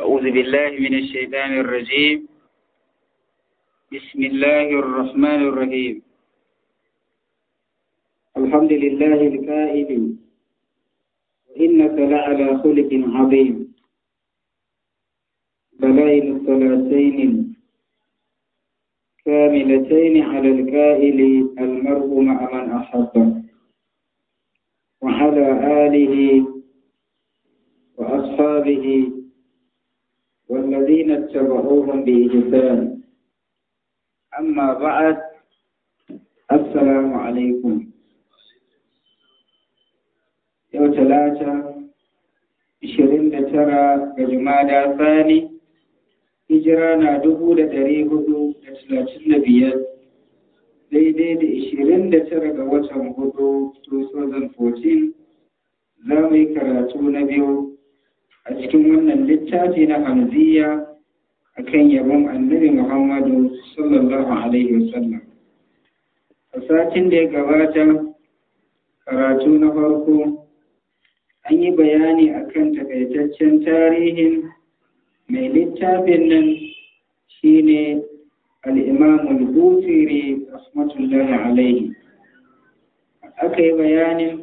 أعوذ بالله من الشيطان الرجيم بسم الله الرحمن الرحيم الحمد لله الكائن وإنك لعلى خلق عظيم بلائل الثلاثين كاملتين على الكائل المرء مع من أحبه وعلى آله وأصحابه والذين اتبعوهم بإحسان أما بعد السلام عليكم يوم ثلاثة ishirin da tara ga jumada tsani hijira na dubu da ɗari hudu da talatin da biyar daidai da ishirin da tara ga watan hudu 2014 za mu yi karatu na biyu a cikin wannan littafi na hamziya kan yabon annabi Muhammadu sallallahu alaihi wasallam a satin da ya gabata karatu na farko an yi bayani a kan takaitaccen tarihin mai littafin nan shine ne imam al-butiri rahmatullahi alaihi aka yi bayanin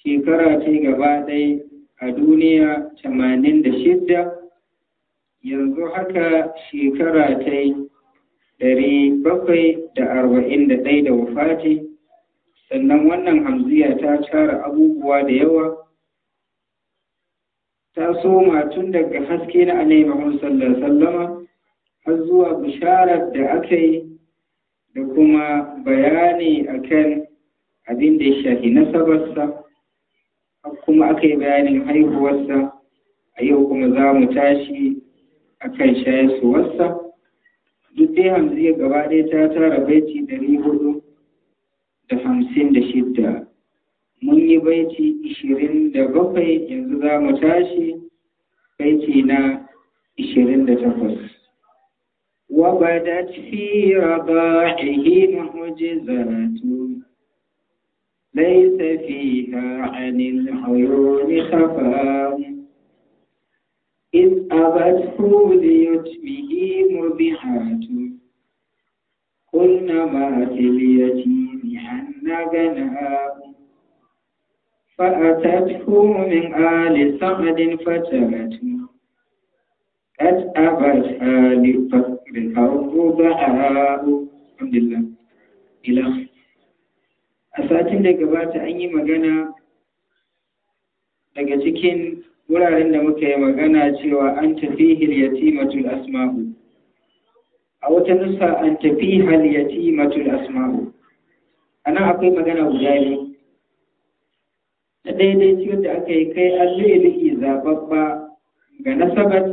shekara ce gaba ɗaya a duniya tamanin da shidda yanzu haka shekara ta yi ɗari bakwai da arba'in da ɗai da wafati sannan wannan hamziya ta tara abubuwa da yawa ta soma tun daga haske na annabi sallama har zuwa bisharar da aka yi da kuma bayani akan abin da ya shafi nasabarsa kuma aka yi bayanin haihuwarsa a yau kuma za mu tashi a kan shayarwarsa duk dai hamziya gaba ɗaya ta tara baiti ɗari hudu da hamsin da shidda mun yi baiti ishirin da bakwai yanzu za mu tashi baiti na ishirin da takwas وبدت في رضاعه المعجزات ليس فيها عن العيون خفاء إذ أبته ليتمه مبعات قلنا مات اليتيم عنا بناء فأتته من آل سعد فتاة قد أبتها آل فقر أو الحمد لله إلى a satin da gabata an yi magana daga cikin wuraren da muka yi magana cewa an tafi matul asma'u a wata nusa an tafi matul asma'u a nan akwai magana guda biyu na daidai ciwon da aka yi kai an lu'ulu'i zababba ga nasabat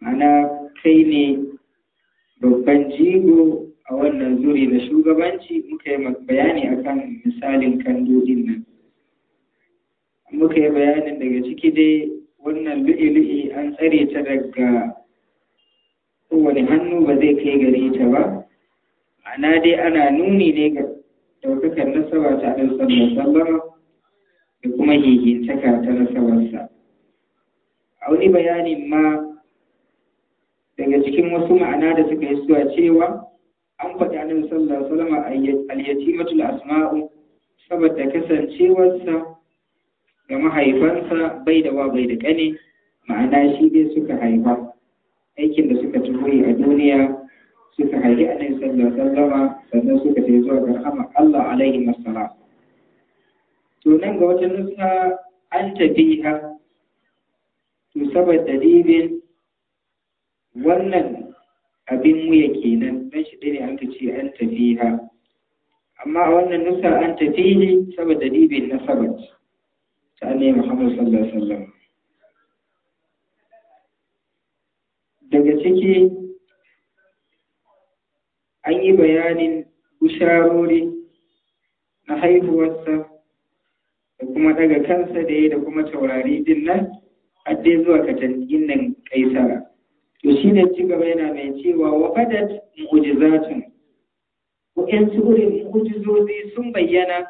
mana kai ne babban jigo a wannan zuri da shugabanci muka yi bayani akan misalin kandojin nan muka yi bayanin daga ciki dai wannan lu'i-lu'i an tsare ta daga kowane hannu ba zai kai gare ta ba ana dai ana nuni ne ga ɗaukakar nasaba ta ɗan sallar da kuma hihintaka ta nasabarsa a wani bayanin ma daga cikin wasu ma'ana da suka yi suwa cewa an faɗi annabi sallallahu alaihi wasallam al-yatimatul yatimatu asma'u saboda kasancewarsa ga mahaifansa bai da wa bai da kane ma'ana shi dai suka haifa aikin da suka tuhoyi a duniya suka haifi annabi sallallahu alaihi wasallam sannan suka tafi zuwa ga rahama Allah alaihi wassalam to nan ga wata nusa an tafiha to saboda dibin wannan abin wuya kenan don shi ɗaya an ce an tafi ha amma a wannan nusa an tafi ne saboda dibin na sabat ta annai muhammad sallallahu alaihi wasallam daga ciki an yi bayanin bisharori na haihuwarsa da kuma daga kansa da ya da kuma taurari din har dai zuwa katanginan kaisara to shi ne ci gaba yana mai cewa wa fadat mu'jizatun wa'yansu irin mu'jizozi sun bayyana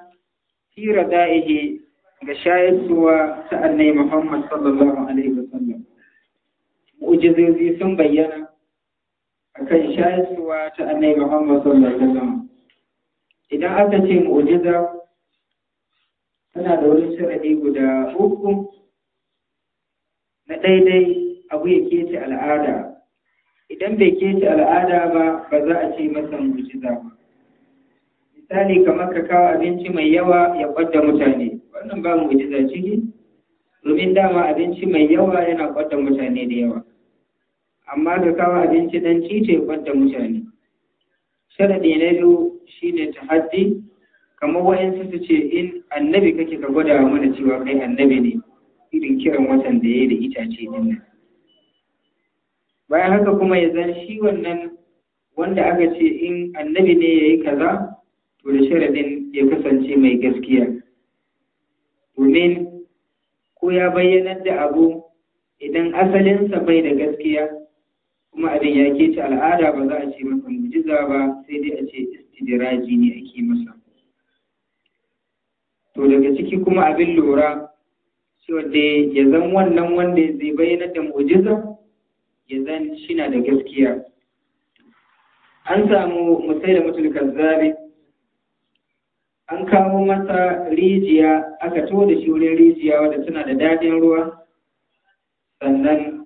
fi rada'ihi ga shayarwa ta annai Muhammad sallallahu alaihi wasallam mu'jizozi sun bayyana akan shayarwa ta annai Muhammad sallallahu alaihi wasallam idan aka ce mu'jiza tana da wani sharadi guda uku na daidai abu ya kece al'ada idan bai kece al'ada ba ba za a ce masa mu'jiza ba misali kamar ka kawo abinci mai yawa ya kwadda mutane wannan ba mu'jiza ciki domin dama abinci mai yawa yana kwadda mutane da yawa amma ka kawo abinci dan cice ya kwadda mutane sharadi na biyu ta haddi, kamar wayansu su ce in annabi kake ka gwada mana cewa kai annabi ne irin kiran watan da ya yi da itace din bayan haka kuma ya zan shi wannan wanda aka ce in annabi ne ya yi kaza to da sharadin ya kasance mai gaskiya domin ko ya bayyanar da abu idan asalinsa bai da gaskiya kuma abin ya kece al'ada ba za a ce masa mujiza ba sai dai a ce istidiraji ne ake masa to daga ciki kuma abin lura shi da ya zan wannan wanda zai bayyana da mujiza ya zan shina da gaskiya an samu musai da mutum kazzabi an kawo masa rijiya aka to da shi wurin rijiya wadda tana da daɗin ruwa sannan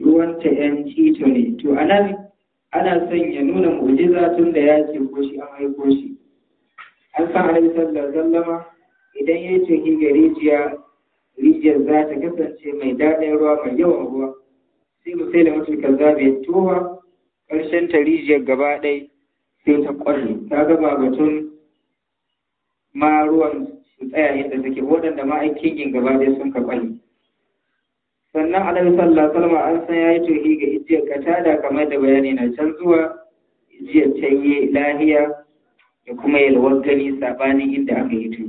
ruwan ta yan cito ne to anan ana son ya nuna mu'jiza tun da ya ce ko shi an haiko an san alaihi sallar zallama idan ya ce ga rijiya rijiyar za ta kasance mai daɗin ruwa mai yawan ruwa sai musailamatul kazzab ya towa ƙarshen ta rijiyar gaba ɗai sai ta ƙwarre ta gaba batun ma ruwan su tsaya inda take waɗanda ma aikin gaba ɗai sun ka sannan alaihi sallallahu alaihi an san yayi tohi ga ijiyar katada kamar da bayani na can zuwa ijiyar canye lahiya da kuma yalwar gani sabanin inda aka yi to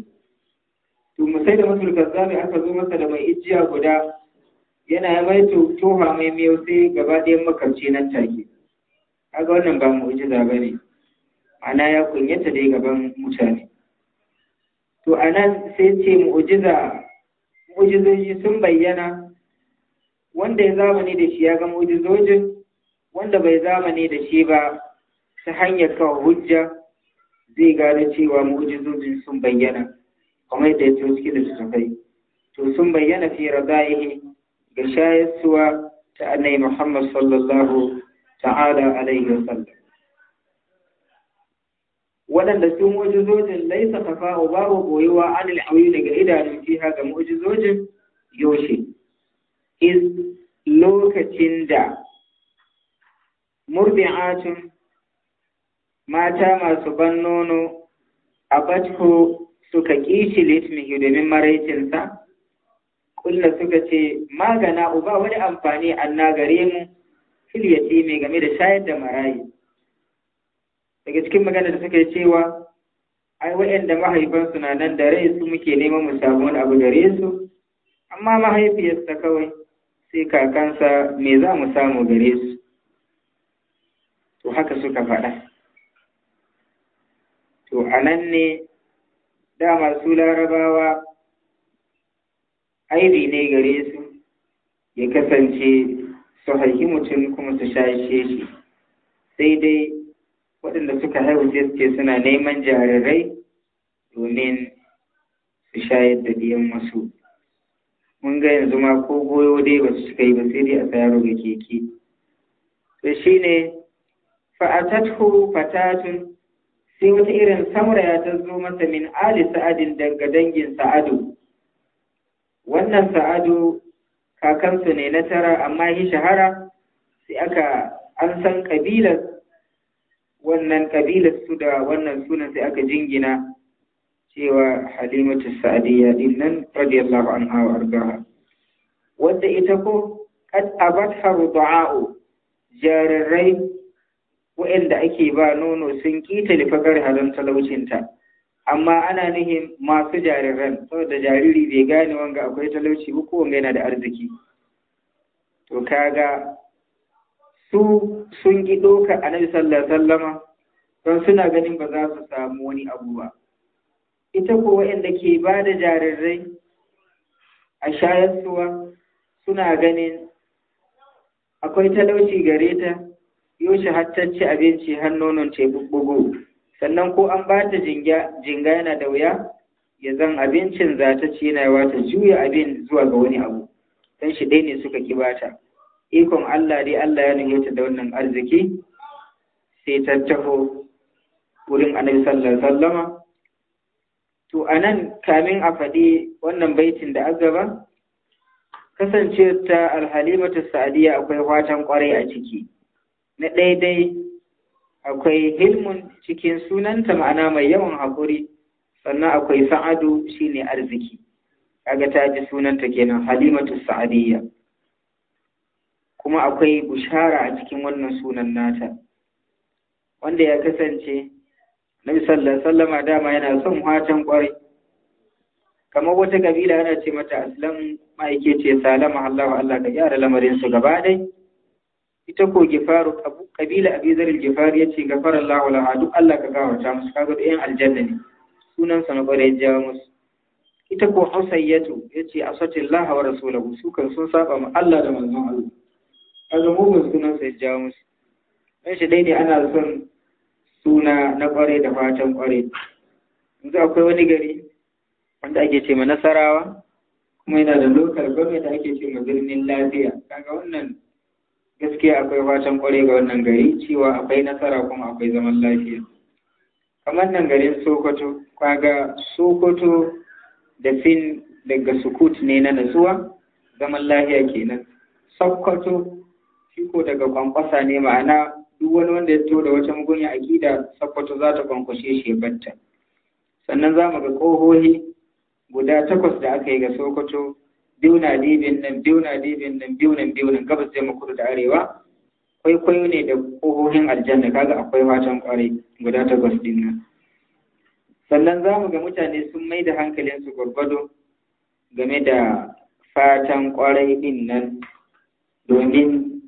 to musai da musul kazzabi aka zo masa da mai ijiya guda yana ya mai toha mai miyau sai gaba ɗayan makamci nan take kaga wannan ba mu'jiza ba ne ana ya kunyata dai gaban mutane to ana sai ce mu'jiza mu'jizoji sun bayyana wanda ya zamani da shi ya ga mu'jizojin wanda bai zamani da shi ba ta hanyar kawo hujja zai gane cewa mu'jizojin sun bayyana kamar yadda ya ce cikin tafai, to sun bayyana fi rada'ihi da shayarwa ta annai Muhammad sallallahu ta'ala alaihi wasallam waɗanda sun mu'jizojin laisa tafa'u babu goyewa an al'awi daga idanun fiha ga mu'jizojin yoshe is lokacin da murbi'atun mata masu ban nono a batko suka kishi litmihi domin maraicinsa kulla suka ce magana uba wani amfani anna gare mu fil yatimi game da shayar da marayi daga cikin magana da suka cewa ai waɗanda mahaifansu na nan da rai su muke neman mu samu wani abu gare su amma mahaifiyarsa kawai sai kakansa me za mu samu gare su to haka suka faɗa to anan ne dama su larabawa aibi ne gare su ya kasance su haiki mutum kuma su shashe shi sai dai waɗanda suka haihu sai suke suna neman jarirai domin su shayar da biyan masu. mun ga yanzu ma ko goyo dai ba su cika yi ba sai dai a tsayaro ga keke to shi ne fa'atathu fatatun sai wata irin ya ta zo masa min ali sa'adin daga dangin sa'adu wannan sa'adu kakansu ne na tara amma yi shahara sai aka an san ƙabilar wannan ƙabilar su da wannan sunan sai aka jingina cewa halimatu sa'adiyya din nan radiyallahu an hawa arbaha wadda ita ko qad abatha jarirai jararrai wa'anda ake ba nono sun kita lifagar halin talaucinta amma ana nihin masu jariran saboda jariri bai gane wanga akwai talauci ba ko wanga yana da arziki to kaga su sun yi doka annabi sallallahu alaihi wasallama don suna ganin ba za su samu wani abu ba ita ko wa'anda ke ba da jarirai a shayarsuwa suna ganin akwai talauci gare ta yaushe hattacci abinci har nonon bubbugu sannan ko an ba ta jinga yana da wuya ya zan abincin za ta ci yana yawa ta juya abin zuwa ga wani abu don shi ɗaya ne suka ki bata ikon Allah dai Allah ya nuna ta da wannan arziki sai ta taho wurin annabi sallallahu sallama to anan kamin a faɗi wannan baitin da agaba kasance ta alhalimatu Sadiya akwai watan kwarai a ciki na daidai akwai hilmun cikin sunanta ma'ana mai yawan haƙuri sannan akwai sa'adu shine arziki kaga ta ji sunanta kenan halimatu sa'adiyya kuma akwai bushara a cikin wannan sunan nata wanda ya kasance nabi sallallahu sallama dama yana son watan kwarai kamar wata kabila yana ce mata aslam yake ce salama Allah Allah ka gyara lamarin su gaba dai ita ko gifaru kabila abi zaril gifari yace gafara Allah laha hadu Allah ka gawata musu kaga da yan aljanna ne sunan sa na bare ja musu ita ko husayyatu yace asati Allah wa rasulahu su kan sun saba ma Allah da manzon Allah kaga mu sunan sa ja musu dan shi daidai ana son suna na kware da fatan kware yanzu akwai wani gari wanda ake ce ma nasarawa kuma yana da lokal gwamnati ake ce ma birnin lafiya kaga wannan gaskiya akwai fatan kware ga wannan gari cewa akwai nasara kuma akwai zaman lafiya kamar nan garin sokoto kaga sokoto da fin daga sukut ne na natsuwa zaman lafiya kenan sokoto shi ko daga kwankwasa ne ma'ana duk wani wanda ya to da wata mugunya akida sokoto za ta kwankwashe shi batta sannan za mu ga kohohi guda takwas da aka yi ga sokoto Biuna libin nan biuna libin nan biuna biuna gabas sai kudu da arewa kwaikwayo ne da kohohin aljanna kaga akwai watan kwarai guda takwas din nan sannan za ga mutane sun mai da hankalinsu gwargwado game da fatan kwarai din nan domin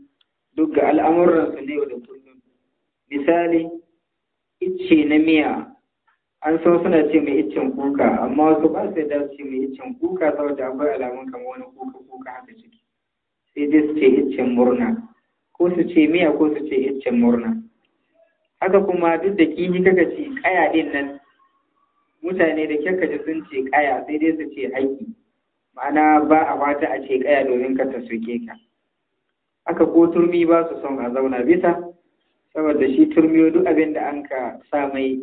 duk ga al'amuransu ne da kullum misali ice na miya an so suna ce mai iccen kuka amma wasu ba su da ce mai iccen kuka saboda akwai alamun kamar wani kuka kuka haka ciki sai dai su ce iccen murna ko su ce miya ko su ce iccen murna haka kuma duk da kihi kaka ce kaya din nan mutane da kyakka ji sun ce kaya sai dai su ce haƙi ma'ana ba a wata a ce kaya domin ka ta soke ka haka ko turmi ba su son a zauna bisa saboda shi turmiyo duk abin da an ka sa mai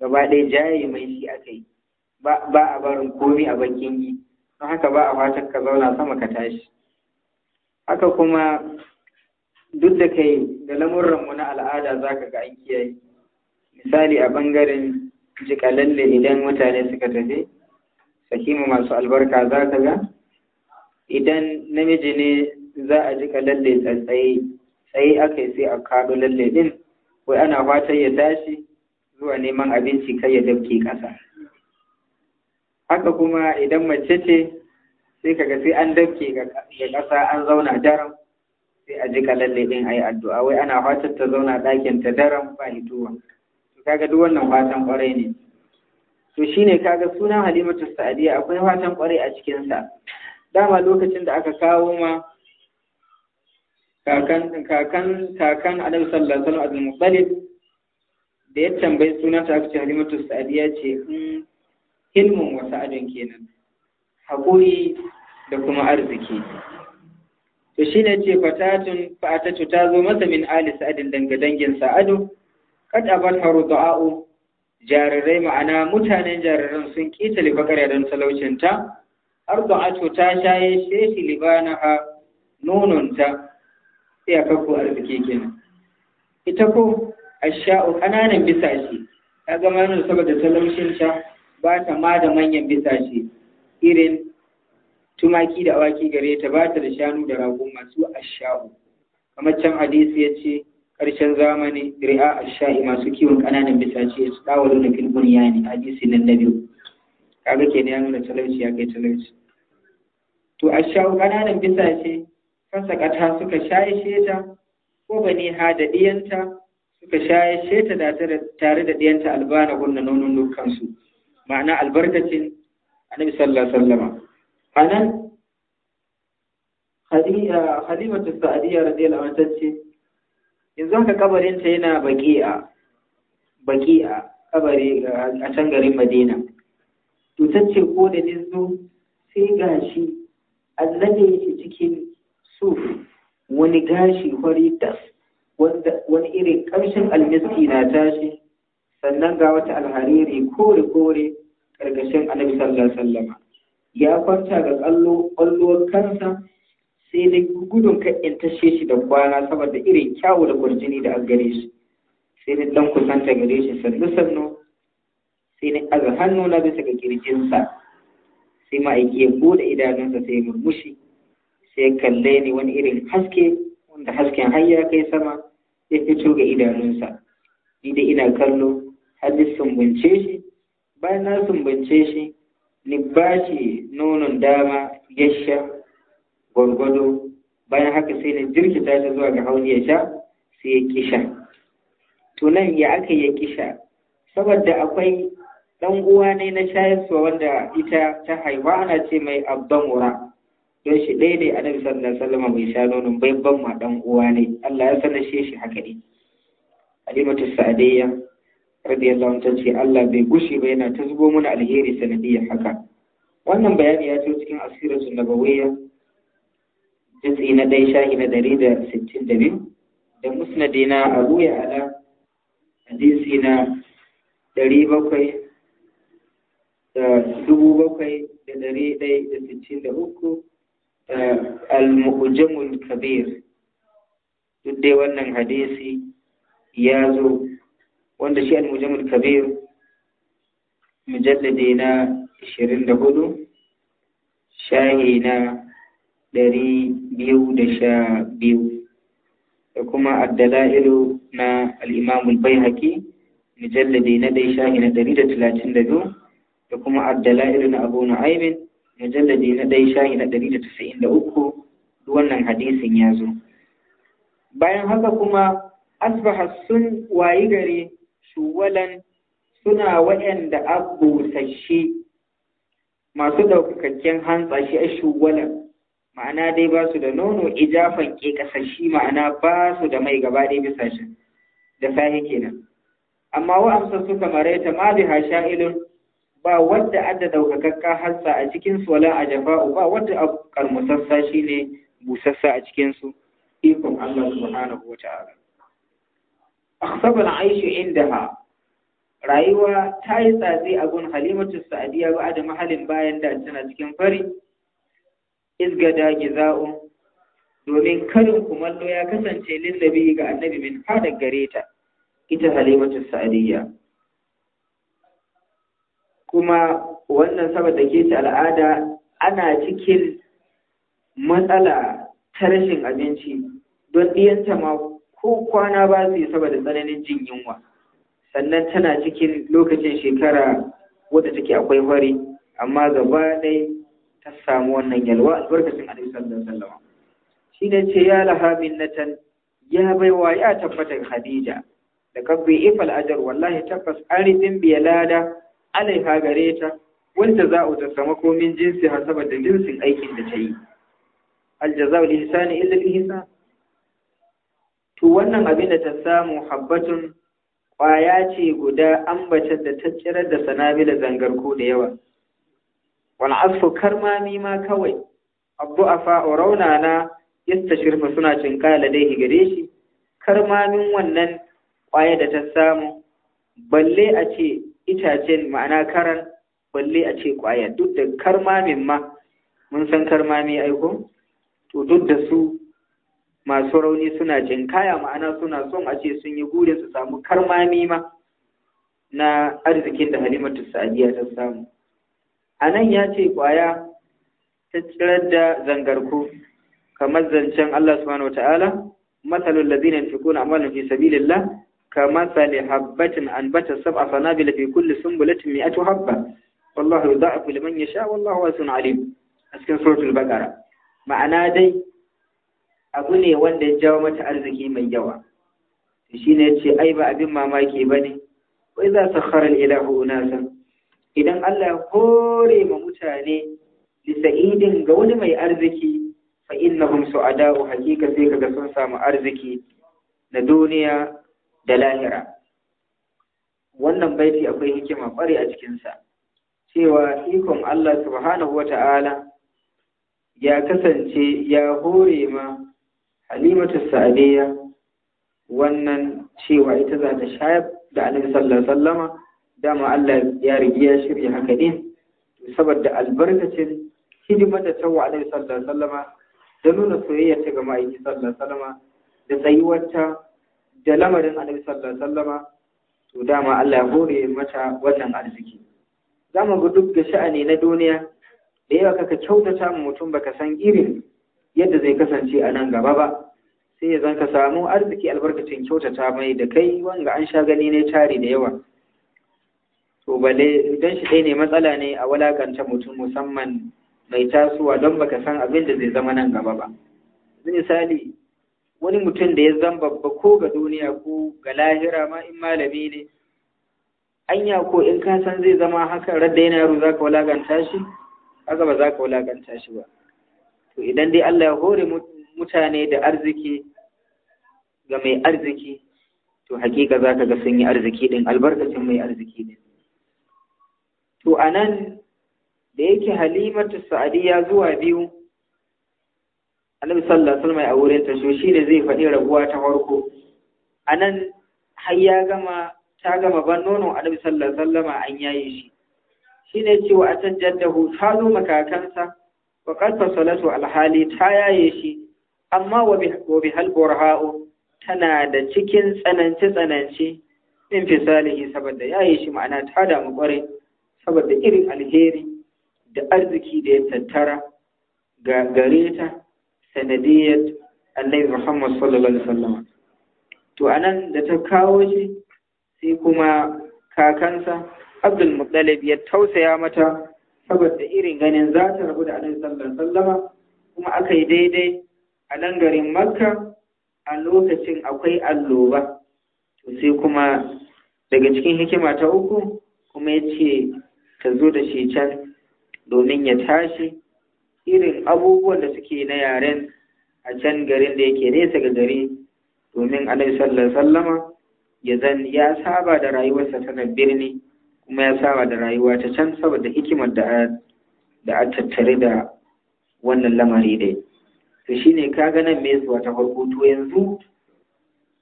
gaba ɗaya jaye mai shi aka yi ba a barin komi a bakin yi don haka ba a fatan ka zauna sama ka tashi haka kuma duk da kai da lamurranmu na al'ada za ka ga an kiyaye misali a ɓangaren lalle idan mutane suka tafi sakima masu albarka za ka ga idan namiji ne za a jika lalle tsaye tsaye aka yi sai a kaɗo lalle ɗin wai ana fatan ya tashi zuwa neman abinci kai ya dabke ƙasa haka kuma idan mace ce sai kaga sai an dabke ga ƙasa an zauna daram sai a ji kalalle din yi addu'a wai ana fatar ta zauna ɗakin ta daram ba hituwa to kaga duk wannan fatan ƙwarai ne to shi ne kaga sunan Halimatu Sa'diya akwai fatan ƙwarai a cikinsa. dama lokacin da aka kawo ma kakan kakan kakan Annabi sallallahu alaihi wasallam Abdul da ya tambayi ta aka ce halimatu sa'adiya ce in hmm, hilmin wasu adon kenan haƙuri da kuma arziki to shi ne ce fatatun fa'atatu ta zo masa min ali sa'adin danga dangin sa'adu kad abal haru da'a'u jarirai ma'ana mutanen jariran sun kita libakar don talaucinta ardu'atu ta shaye sheshi libanaha ta. iyakar arziki kenan ita ko asha'u ƙananan bisashi ta zama yana saboda talaushin ta ba ta ma da manyan bisashi irin tumaki da awaki gare ta ba ta da shanu da rago masu asha'u kamar can hadisi ya ce ƙarshen zamani ri'a asha'i masu kiwon ƙananan ya su dawalu da filbun ya ne hadisi nan na biyu kaga kenan ya nuna talauci ya kai talauci to asha'u ƙananan kansa fasakata suka shayishe ta ko bane ha da diyanta suka shayashe ta da tare da ɗiyanta albana gunna nonon ma'ana albarkacin annabi sallallahu alaihi wasallam anan ta Sa'adiyya radiyallahu anha tace yanzu haka kabarin ta yana baqi'a baqi'a kabari a can garin Madina to tace ko da nizo sai gashi annabi yake cikin suf wani gashi hori tas wani irin ƙamshin almiski na tashi sannan ga wata alhariri kore kore ƙarƙashin annabi sallallahu alaihi ya kwanta ga kallo karsa, kansa sai da gudun ka in tashe shi da kwana saboda irin kyawu da kurjini da an gare shi sai da dan kusanta gare shi sannu sannu sai da aza hannu na bisa ga kirjinsa sai ma'aiki ya bude idanunsa sai murmushi sai kalle ni wani irin haske wanda hasken har ya kai sama sai ta tura idanunsa ni da ina kallo har ni sumbance shi bayan na sumbance shi ni ba shi nonon dama ya sha gwargwado bayan haka sai na jirkita ta zuwa ga hauni ya sha sai ya kisha to nan ya aka ya kisha saboda akwai ɗan uwa ne na shayarwa wanda ita ta haifa ana ce mai wura. don shi ɗaya ne annabi sallallahu alaihi wasallam bai sha nonon bai ban ma dan uwa ne Allah ya sanar shi shi haka ne Halimatu Sa'adiyya radiyallahu anha ce Allah bai gushi ba yana ta zubo mana alheri sanadiyya haka wannan bayani ya zo cikin asiratul nabawiyya jitsi na dai shahi na dari da sittin da biyu da musnadi na abu ya ala hadisi na dari bakwai da dubu bakwai da ɗari ɗaya da sittin da uku Eh, al-mu'jamul kabir duk dai wannan hadisi ya zo wanda shi al-mu'jamul kabir mujallade na 24 shahi na 212 da kuma addala'ilu na al-imam al-baihaqi mujallade na dai shahi na 132 da kuma addala'ilu na abu nu'aymin mujalladi na ɗai shahi na ɗari da tasa'in da uku wannan hadisin ya zo bayan haka kuma asbaha sun wayi gare shuwalan suna waɗanda abusashe masu ɗaukakakken hantsa shi a shuwalan ma'ana dai ba su da nono ijafan ke kasashe ma'ana ba su da mai gaba dai bisa shi da sahi kenan amma wa'amsa suka maraita ma biha sha'ilun ba wanda adda daukakakka hassa a cikin su wala ajaba ba wadda abkar musassa shine busassa a cikin su ikon Allah subhanahu wata'ala akhsab al indaha rayuwa ta yi tsatsi a gun halimatu sa'adiya ba da mahalin bayan da tana cikin fari izgada giza'un domin karin kumallo ya kasance lillabi ga annabi min fadar gare ta ita halimatu sa'adiyya kuma wannan saboda ke ta al'ada ana cikin matsala ta rashin abinci don ɗiyanta ma ko kwana ba su yi saboda tsananin jin yunwa sannan tana cikin lokacin shekara wadda take akwai fari amma gaba ɗaya ta samu wannan yalwa albarkacin alaihi sallallahu shi ne ce ya lahamin natan ya baiwa ya tabbatar Khadija. da kabbi ifal ajar wallahi tabbas arifin biya lada alaiha gare ta wanda za a ta sama komin jinsi har saboda jinsin aikin da ta yi aljaza lisa ne illa lisa? to wannan abin da ta samu habbatun ƙwaya ce guda ambatar da ta tsirar da sanabila zangarko da yawa Wani asfu karmami ma kawai abu afa rauna na shirfa suna cinkala dai gare shi karmamin wannan kwaya da ta samu balle a ce itacen ma'ana karan balle a ce kwaya duk da karmamin ma mun san karmami aiko to duk da su masu rauni suna kaya ma'ana suna son a ce sun yi gure su samu karmami ma na arzikin da halimatu sa'adiyya ta samu a nan ya ce kwaya ta tsirar da zangarku kamar zancen Allah subhanahu wataala matsalul fi kuna amalin fi sabilillah كمثل حبة أنبت سبع صنابل في كل سنبلة مئة a والله يضاعف لمن يشاء والله واسع عليم أسكن سورة البقرة ma'ana dai abu ne wanda ya jawo mata arziki mai yawa shi ne ce ai ba abin mamaki ba ne wai za su kharar ilahu nasa idan Allah kore ma mutane lisa'idin ga wani mai arziki fa innahum su'ada'u hakika sai kaga sun samu arziki na duniya da lahira wannan baiti akwai hikima kware a cikinsa cewa ikon Allah subhanahu ya kasance ya hore ma halimatu sa'adiyya wannan cewa ita za ta shayar da annabi sallallahu sallama, dama Allah ya rigi ya shirya haka ne saboda albarkacin hidimar da ta wa sallallahu da nuna soyayya ta ga ma'aiki sallallahu sallama, da tsayuwarta da lamarin annabi sallallahu alaihi wasallama to dama Allah ya gode mata wannan arziki zamu ga duk da sha'ani na duniya da yawa kaka kyautata mu mutum baka san irin yadda zai kasance a nan gaba ba sai ya zanka samu arziki albarkacin kyautata mai da kai wanga an sha gani ne tare da yawa to bale idan shi ɗaya ne matsala ne a walakanta mutum musamman mai tasowa don baka san abin da zai zama nan gaba ba misali wani mutum da ya zan babba ko ga duniya ko ga lahira ma in malami ne anya ko in ka san zai zama haka radda yana yaro zaka walaganta shi haka ba zaka walaganta shi ba to idan dai Allah ya hore mutane da arziki ga mai arziki to hakika zaka ga sun yi arziki din albarkacin mai arziki din to anan da yake halimatu sa'adiya zuwa biyu annabi sallallahu alaihi wasallam ya aure ta so shine zai faɗi rabuwa ta farko anan har ya gama ta gama ban nono annabi sallallahu alaihi wasallam an yayi shi Shi ne cewa a can jaddahu ta zo makakansa wa Salatu alhali ta yaye shi amma wa bi hal burha'u tana da cikin tsananci tsananci min fisalihi saboda yaye shi ma'ana ta damu kwarai saboda irin alheri da arziki da ya tattara ga gareta. sanadiyyar annabi Muhammad sallallahu alaihi wasallam to anan da ta kawo shi sai kuma kakansa Abdul Muttalib ya tausaya mata saboda irin ganin za ta rabu da annabi sallallahu alaihi kuma aka yi daidai a nan garin Makka a lokacin akwai alloba to sai kuma daga cikin hikima ta uku kuma ya ce ta zo da shi can domin ya tashi irin abubuwan da suke na yaren a can garin da yake nesa ga gari domin alaihi sallar sallama ya zan ya saba da rayuwarsa ta birni kuma ya saba da rayuwa ta can saboda hikimar da da a tattare da wannan lamari dai to shine kaga nan me zuwa ta farko yanzu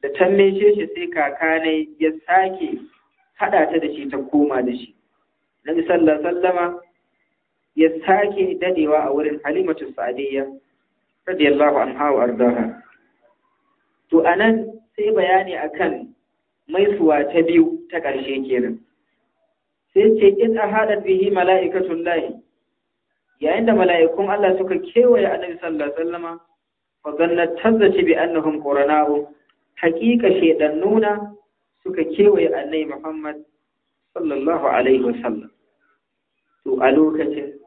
da tallace shi sai kaka ne ya sake haɗa ta da shi ta koma da shi na sallama ya sake dadewa a wurin halimatu sa'adiyya radiyallahu anha wa ardaha to anan sai bayani akan maisuwa ta biyu ta ƙarshe kenan sai ce in a ahadat bihi mala'ikatul lahi yayin da mala'ikun Allah suka kewaye annabi sallallahu alaihi wasallama fa gannat tazzaci bi annahum qurana'u haqiqa shedan nuna suka kewaye annabi Muhammad sallallahu alaihi wasallam to a lokacin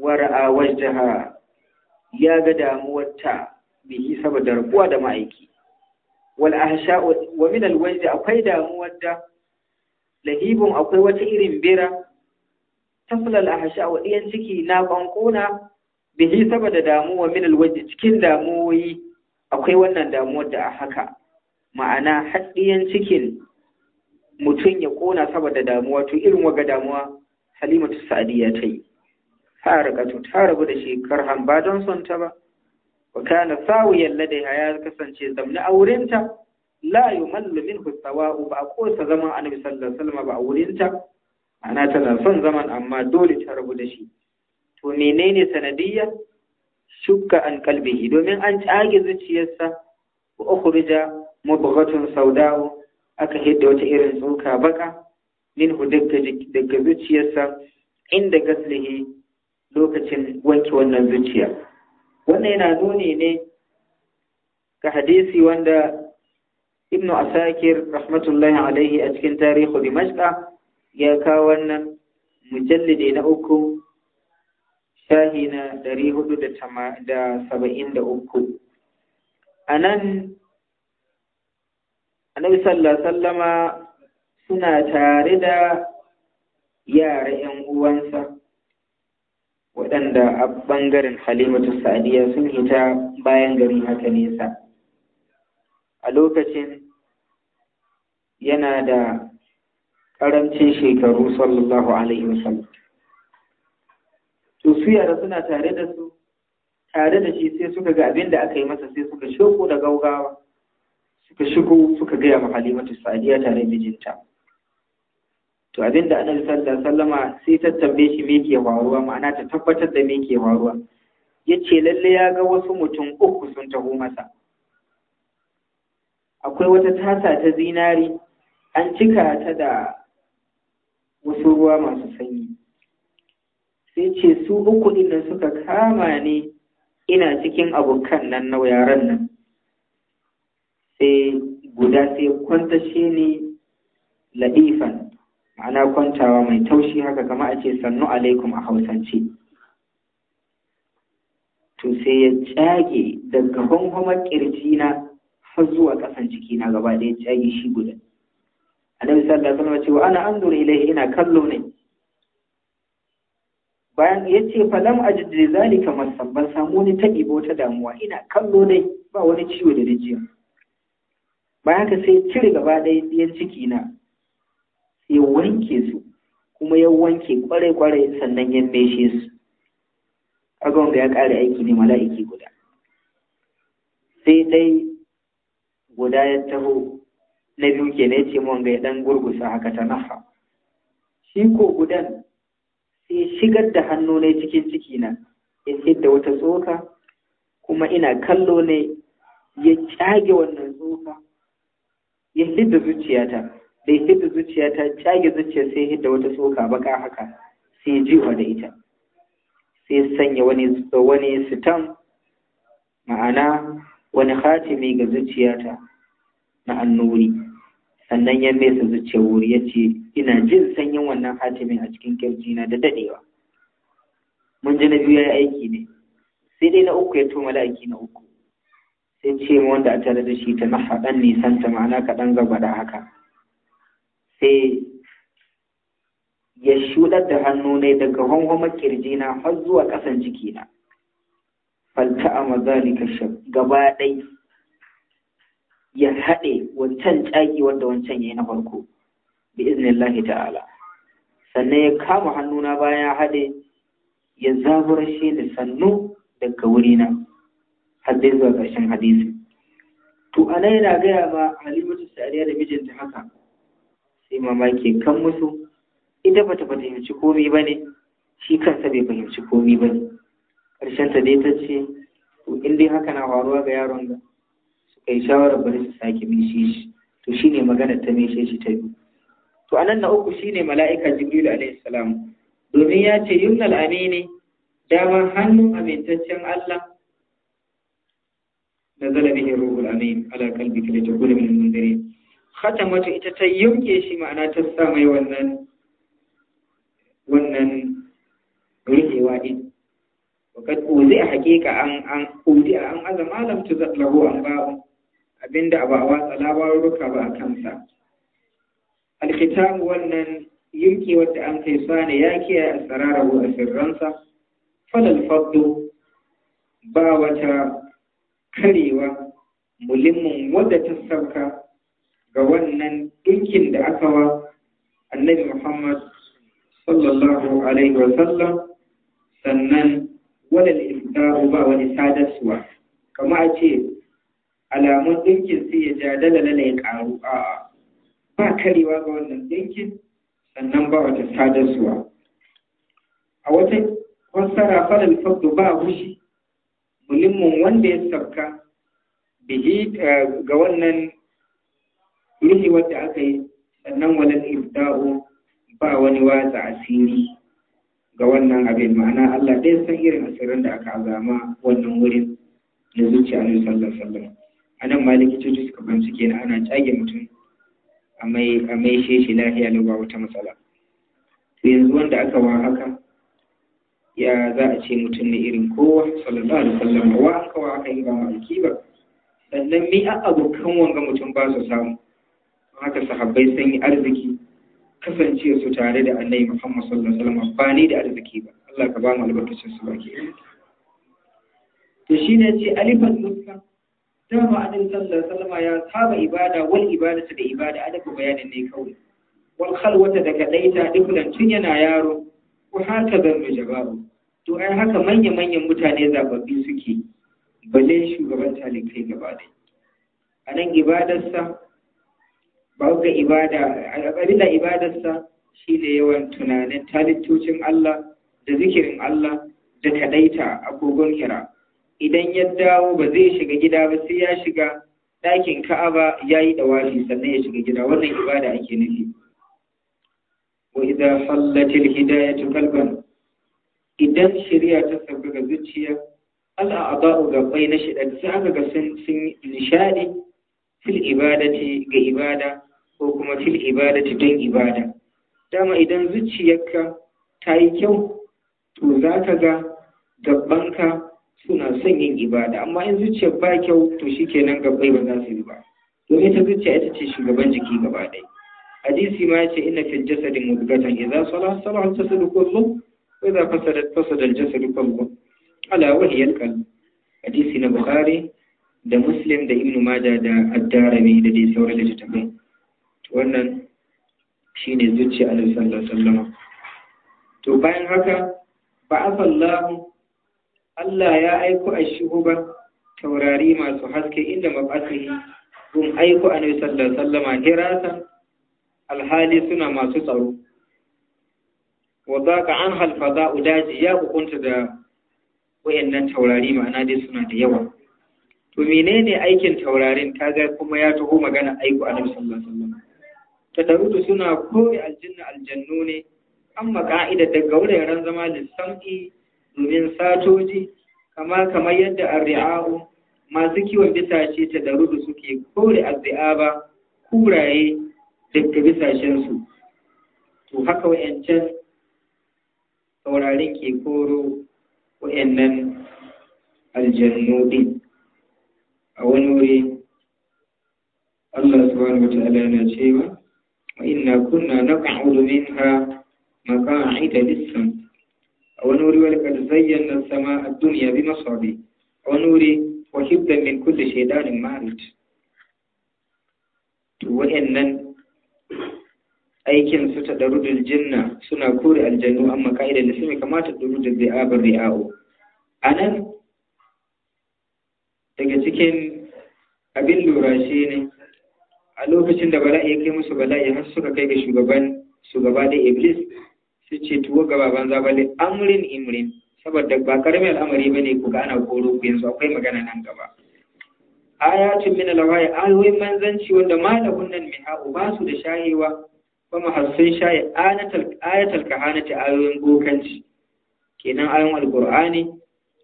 wara'a wajha ya ga damuwarta bihi saboda rabuwa da ma'aiki wal ahsha wa min al akwai damuwar da lahibun akwai wata irin bera tafla al ahsha wa ɗiyan ciki na bankona bihi saboda damuwa min al cikin damuwoyi akwai wannan damuwar da a haka ma'ana haɗiyan cikin mutum ya kona saboda damuwa to irin waga damuwa halimatu sa'adiyya ta yi farikatu ta rabu da shi karhan ba don son ta ba wa kana sawiyan ladaiha ya kasance zamni aurenta la yumallu minhu sawa'u ba kosa zaman annabi sallallahu alaihi wasallam ba ta ana tana son zaman amma dole ta rabu da shi to menene sanadiyya shukka an kalbihi domin an tsage zuciyarsa wa ukhrija mubghatun sauda'u aka hidda wata irin tsoka baka min daga daga zuciyarsa inda gaslihi lokacin wanke wannan zuciya wannan yana nuni ne ga hadisi wanda ibnu asakir rahmatullahi alaihi a cikin tarihu dimashqa ya kawo wannan mujallidi na uku shahi na hudu a nan annabi sallallahu sallama suna tare da yara ‘yan uwansa waɗanda a ɓangaren halimatu Sadiya sun hita bayan gari haka nesa a lokacin yana da ƙarancin shekaru sallallahu alaihi wasallam to su yara suna tare da su tare da shi sai suka ga abin da aka yi masa sai suka shoko da gaugawa suka shigo suka gaya ma halimatu Sadiya tare da mijinta to abinda annabi sallallahu alaihi wasallama sai ta tambaye shi me ke faruwa ma'ana ta tabbatar da me ke faruwa yace lalle ya ga wasu mutum uku sun taho masa akwai wata tasa ta zinari an cika ta da wasu ruwa masu sanyi sai ce su uku din suka kama ne ina cikin abokan nan na yaran nan sai guda sai kwantashe ne la'ifan ma'ana kwantawa mai taushi haka kama a ce sannu alaikum a hausance to sai ya cage daga gwangwamar kirji na har zuwa ƙasan na gaba da ya cage shi guda nan, misali da sanarwa cewa ana an zuri ilai ina kallo ne bayan ya ce falam a da zalika masan ban samu wani taɓi ba wata damuwa ina kallo ne ba wani ciwo da rijiya bayan ka sai cire gaba ɗaya ciki na ya wanke su kuma ya wanke kware-kware sannan ya meshe su kaga wanda ya ƙare aiki ne mala'iki guda sai dai guda ya taho na biyu ke na ce wanga ya ɗan gurgusa haka ta nafa shi ko gudan sai shigar da hannu ne cikin ciki na ya da wata tsoka kuma ina kallo ne ya ƙyage wannan tsoka ya da zuciyata da ya fita zuciya ta cage zuciya sai hidda wata tsoka baka haka sai ji da ita sai sanya wani wani sitan, ma'ana wani hatimi ga zuciyata na annuri sannan ya mesa zuciyar wuri ya ce ina jin sanyin wannan hatimin a cikin na da dadewa mun ji na biyu ya aiki ne sai dai na uku ya to mala'iki na uku sai ce wanda a tare da shi ta na mahaɗan nisanta ma'ana kaɗan gaba da haka sai ya shudar da hannu ne daga hangon kirji na har zuwa ƙasan jiki na falta a mazalika gaba ɗai ya haɗe wancan tsaki wanda wancan ya yi na farko bi iznillahi ta'ala sannan ya kama hannuna bayan ya haɗe ya zabura shi da sannu daga wurina har dai zuwa ƙarshen hadisi to anai yana gaya ma halimatu sariya da mijinta haka sai mamaki kan musu ita bata fahimci komai ba ne shi kansa bai fahimci komai ba ne ta dai ta ce to in dai haka na faruwa ga yaron ga suka yi shawarar bari su sake mishe shi to shi ne magana ta mishe shi ta biyu to anan na uku shine mala'ika jibril alayhi salam domin ya ce yumnal amini dama hannun amintaccen Allah nazala bihi ruhul amin ala qalbika litakuna minal mundirin khatamatu ita ta yanke shi ma'ana ta sa mai wannan wannan rikewa din wakad uzi a hakika an an uzi a an azama malam tu zatlahu an babu abinda ba a watsa ruka ba a kansa alkitab wannan yunki wanda an kai sani ya kiyaye asrarahu a sirransa falal faddu ba wata karewa mulimin wadda ta sauka ga wannan dinkin da aka wa annabi Muhammad sallallahu alaihi wa sallam sannan wala al-iftaru ba wani sadarsuwa kama a ce alamun dinkin sai ya jadala lala ya karu a ba karewa ga wannan dinkin sannan ba wata sadarsuwa a wata fassara falal faddu ba hushi mulimin wanda ya sauka eh, ga wannan mihi wacce aka yi sannan walal ibda'u ba wani watsa asiri ga wannan abin ma'ana Allah dai san irin asirin da aka azama wannan wurin na zuciya ne sallar sallar a nan ma likitoci suka bincike na ana cage mutum a mai sheshi lahiya na ba wata matsala to yanzu wanda aka wa haka ya za a ce mutum na irin kowa sallallahu alaihi wasallam wa aka wa haka yi ba maliki ba sannan mi a abokan wanga mutum ba su samu haka sahabbai sun yi arziki kasance su tare da annabi Muhammad sallallahu alaihi wasallam ba ni da arziki ba Allah ka ba mu albarkacin su baki to shine ce alifan muska dama annabi sallallahu alaihi wasallam ya saba ibada wal ibadatu da ibada adabu bayanin ne kawai wal khalwata da kadaita dukkan tun yana yaro ko haka mu mujababu to ai haka manya manyan mutane zababbi suke balle shugaban talikai gaba ɗaya a nan ibadarsa ba ibada abinda ibadarsa shi ne yawan tunanin talittocin Allah da zikirin Allah da kadaita agogon kira. idan ya dawo ba zai shiga gida ba sai ya shiga ɗakin ka'aba ya yi ɗawafi sannan ya shiga gida wannan ibada ake nufi wa idza fallatil hidayatu kalban idan shirya ta sauka ga zuciya ga bai na shida sai aka ga sun sun nishadi fil ibadati ga ibada ko kuma fil ibadati don ibada dama idan zuciyarka ta yi kyau to za ka ga gabanka suna son yin ibada amma in zuciyar ba kyau to shi nan gabbai ba za su yi ba domin ta zuciya ita ce shugaban jiki gaba ɗaya hadisi ma yace inna fil jasadi mudghatan idza salaha salaha al kullu wa idza fasadat fasada al-jasadu kullu ala wahyi al-qalb hadisi na bukhari da muslim da ibnu majah da ad-darimi da dai sauran littattafai wannan shi ne zuciya annabi sallallahu alaihi to bayan haka ba afallahu Allah ya aiko a shuhuba taurari masu haske inda mabasihi sun aiko annabi sallallahu alaihi wasallam alhali suna masu tsaro wa ka an a daji ya hukunta da wayannan taurari ma'ana dai suna da yawa to menene aikin taurarin ta ga kuma ya taho magana aiko a sallallahu alaihi ta suna kore aljanna aljannu ne amma ka'ida daga wuraren zama lissam'i domin satoji kama kamar yadda arri'a'u masu kiwon bisashe ta darudu suke kore ba, kuraye daga bisashensu to haka wayancan saurarin ke koro wayannan aljannu din a wani wuri Allah subhanahu wa ta'ala yana cewa وإنا كنا نقعد منها مقاعد للسمع ونوري ولقد زينا السماء الدنيا بمصابي ونوري وحبا من كل شيطان مارد wa'annan aikin su ta darudul jinna suna kore aljannu amma ka'idar da sume kamata darudul ri'abar a nan daga cikin abin lura shi ne a lokacin da bala'i ya kai musu bala'i har suka kai ga shugaban shugaba da iblis su ce tuwo ga baban zabali amrin imrin saboda ba karami al'amari ba ne kuka ana koro ku yanzu akwai magana nan gaba ayatun min alawai ayoyin manzanci wanda malamin nan mai ha'u ba su da shayewa ba mahassun shaye ayatul kahanati ayoyin bokanci kenan ayoyin alqur'ani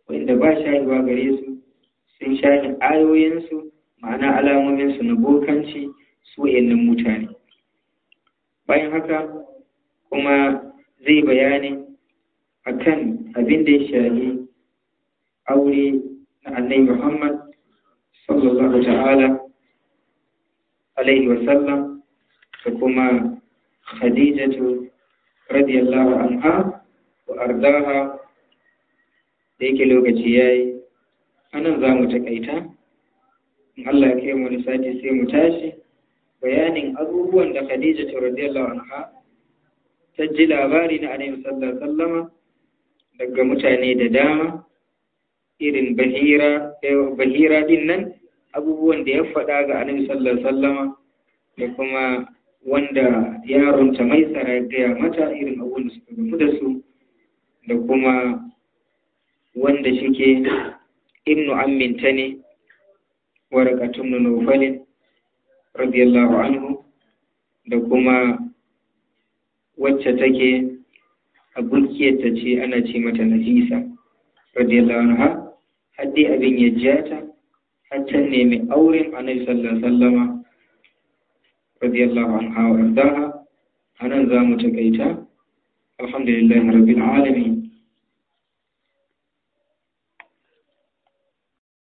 wanda ba shayewa gare su sun shaye ayoyinsu ma'ana alamominsu na bokanci su wayannan mutane bayan haka kuma zai bayani akan abin da ya shahi aure na annai Muhammad sallallahu ta'ala alaihi wasallam da kuma Khadijatu radiyallahu anha wa ardaha da yake lokaci ya yayi anan za mu takaita in Allah ya kai mu sai mu tashi bayanin abubuwan da Khadija ta radiyallahu anha ta ji labari na Annabi sallallahu alaihi wasallam daga mutane da dama irin bahira eh, bahira din nan abubuwan da ya faɗa ga Annabi sallallahu alaihi wasallam da kuma wanda yaronta mai tsara ya gaya mata irin abubuwan da suka gamu da su da kuma wanda shike ibnu amminta ne warakatun nufalin radiyallahu anhu da kuma wacce take abulkiyarta ce ana ce mata nafisa radiyallahu anha har abin ya jata har ta nemi auren annabi sallallahu sallama radiyallahu anha wa anan za mu takaita alhamdulillahi rabbil alamin